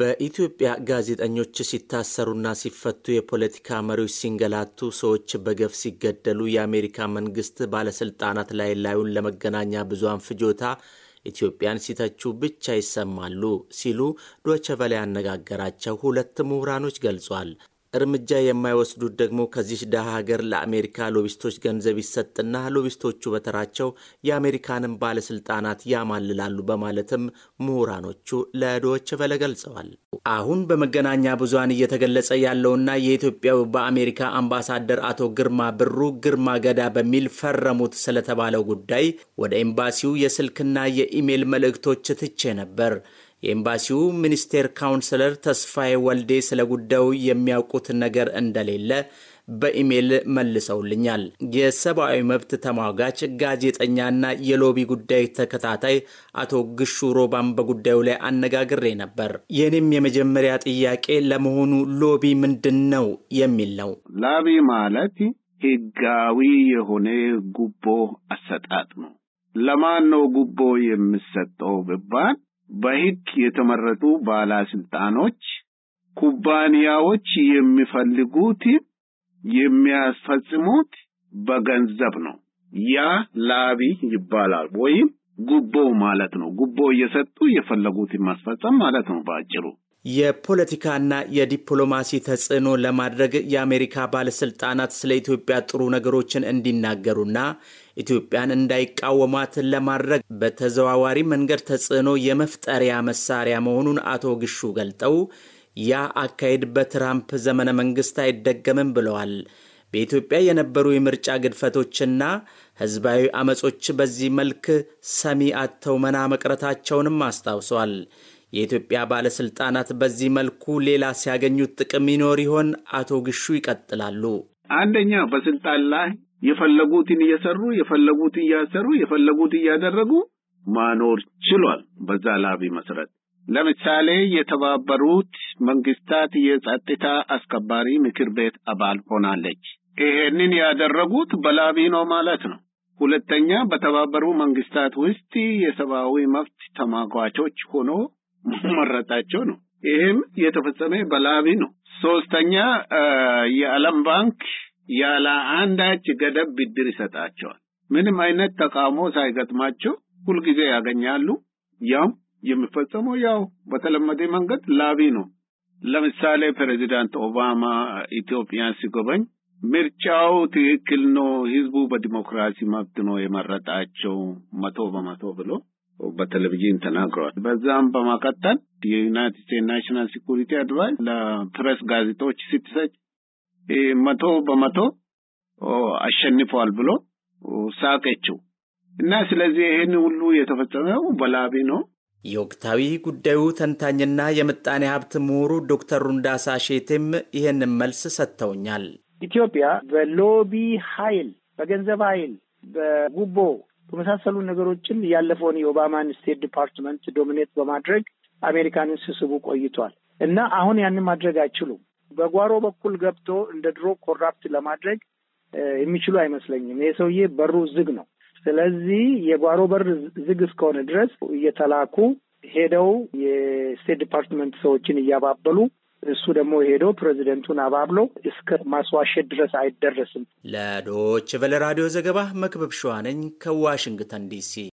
በኢትዮጵያ ጋዜጠኞች ሲታሰሩና ሲፈቱ የፖለቲካ መሪዎች ሲንገላቱ፣ ሰዎች በገፍ ሲገደሉ የአሜሪካ መንግስት ባለስልጣናት ላይ ላዩን ለመገናኛ ብዙሃን ፍጆታ ኢትዮጵያን ሲተቹ ብቻ ይሰማሉ ሲሉ ዶቸቨላ ያነጋገራቸው ሁለት ምሁራኖች ገልጿል። እርምጃ የማይወስዱት ደግሞ ከዚህ ድሃ ሀገር ለአሜሪካ ሎቢስቶች ገንዘብ ይሰጥና ሎቢስቶቹ በተራቸው የአሜሪካንን ባለስልጣናት ያማልላሉ በማለትም ምሁራኖቹ ለዶች ቬለ ገልጸዋል። አሁን በመገናኛ ብዙሃን እየተገለጸ ያለውና የኢትዮጵያው በአሜሪካ አምባሳደር አቶ ግርማ ብሩ ግርማ ገዳ በሚል ፈረሙት ስለተባለው ጉዳይ ወደ ኤምባሲው የስልክና የኢሜይል መልእክቶች ትቼ ነበር። የኤምባሲው ሚኒስቴር ካውንስለር ተስፋዬ ወልዴ ስለ ጉዳዩ የሚያውቁት ነገር እንደሌለ በኢሜይል መልሰውልኛል። የሰብአዊ መብት ተሟጋች ጋዜጠኛና የሎቢ ጉዳይ ተከታታይ አቶ ግሹ ሮባን በጉዳዩ ላይ አነጋግሬ ነበር። የእኔም የመጀመሪያ ጥያቄ ለመሆኑ ሎቢ ምንድን ነው የሚል ነው። ላቢ ማለት ህጋዊ የሆነ ጉቦ አሰጣጥ ነው። ለማን ነው ጉቦ የምሰጠው ብባል በህግ የተመረጡ ባለስልጣኖች ኩባንያዎች የሚፈልጉትን የሚያስፈጽሙት በገንዘብ ነው። ያ ላቢ ይባላል ወይም ጉቦ ማለት ነው። ጉቦ እየሰጡ የፈለጉትን ማስፈጸም ማለት ነው በአጭሩ። የፖለቲካና የዲፕሎማሲ ተጽዕኖ ለማድረግ የአሜሪካ ባለስልጣናት ስለ ኢትዮጵያ ጥሩ ነገሮችን እንዲናገሩና ኢትዮጵያን እንዳይቃወሟት ለማድረግ በተዘዋዋሪ መንገድ ተጽዕኖ የመፍጠሪያ መሳሪያ መሆኑን አቶ ግሹ ገልጠው ያ አካሄድ በትራምፕ ዘመነ መንግስት አይደገምም ብለዋል። በኢትዮጵያ የነበሩ የምርጫ ግድፈቶችና ህዝባዊ አመጾች በዚህ መልክ ሰሚ አጥተው መና መቅረታቸውንም አስታውሰዋል። የኢትዮጵያ ባለስልጣናት በዚህ መልኩ ሌላ ሲያገኙት ጥቅም ይኖር ይሆን? አቶ ግሹ ይቀጥላሉ። አንደኛ በስልጣን ላይ የፈለጉትን እየሰሩ የፈለጉት እያሰሩ የፈለጉት እያደረጉ ማኖር ችሏል። በዛ ላቢ መሰረት ለምሳሌ የተባበሩት መንግስታት የጸጥታ አስከባሪ ምክር ቤት አባል ሆናለች። ይሄንን ያደረጉት በላቢ ነው ማለት ነው። ሁለተኛ በተባበሩ መንግስታት ውስጥ የሰብአዊ መብት ተሟጋቾች ሆኖ መረጣቸው ነው። ይህም የተፈጸመ በላቢ ነው። ሶስተኛ የዓለም ባንክ ያለ አንዳች ገደብ ብድር ይሰጣቸዋል። ምንም አይነት ተቃውሞ ሳይገጥማቸው ሁልጊዜ ያገኛሉ። ያም የሚፈጸመው ያው በተለመደ መንገድ ላቢ ነው። ለምሳሌ ፕሬዚዳንት ኦባማ ኢትዮጵያን ሲጎበኝ ምርጫው ትክክል ነው፣ ህዝቡ በዲሞክራሲ መብት ነው የመረጣቸው መቶ በመቶ ብሎ በቴሌቪዥን ተናግረዋል። በዛም በማቀጠል የዩናይትድ ስቴትስ ናሽናል ሴኩሪቲ አድቫይስ ለፕሬስ ጋዜጦች ስትሰጭ መቶ በመቶ አሸንፈዋል ብሎ ሳቀችው እና ስለዚህ ይህን ሁሉ የተፈጸመው በላቢ ነው። የወቅታዊ ጉዳዩ ተንታኝና የምጣኔ ሀብት ምሁሩ ዶክተር ሩንዳሳ ሼቴም ይህን መልስ ሰጥተውኛል። ኢትዮጵያ በሎቢ ኃይል፣ በገንዘብ ኃይል፣ በጉቦ በመሳሰሉ ነገሮችን ያለፈውን የኦባማን ስቴት ዲፓርትመንት ዶሚኔት በማድረግ አሜሪካንን ስስቡ ቆይቷል እና አሁን ያንን ማድረግ አይችሉም። በጓሮ በኩል ገብቶ እንደ ድሮ ኮራፕት ለማድረግ የሚችሉ አይመስለኝም። ይህ ሰውዬ በሩ ዝግ ነው። ስለዚህ የጓሮ በር ዝግ እስከሆነ ድረስ እየተላኩ ሄደው የስቴት ዲፓርትመንት ሰዎችን እያባበሉ እሱ ደግሞ ሄዶ ፕሬዚደንቱን አባብሎ እስከ ማስዋሸት ድረስ አይደረስም። ለዶች ቨለ ራዲዮ ዘገባ መክበብ ሸዋነኝ ከዋሽንግተን ዲሲ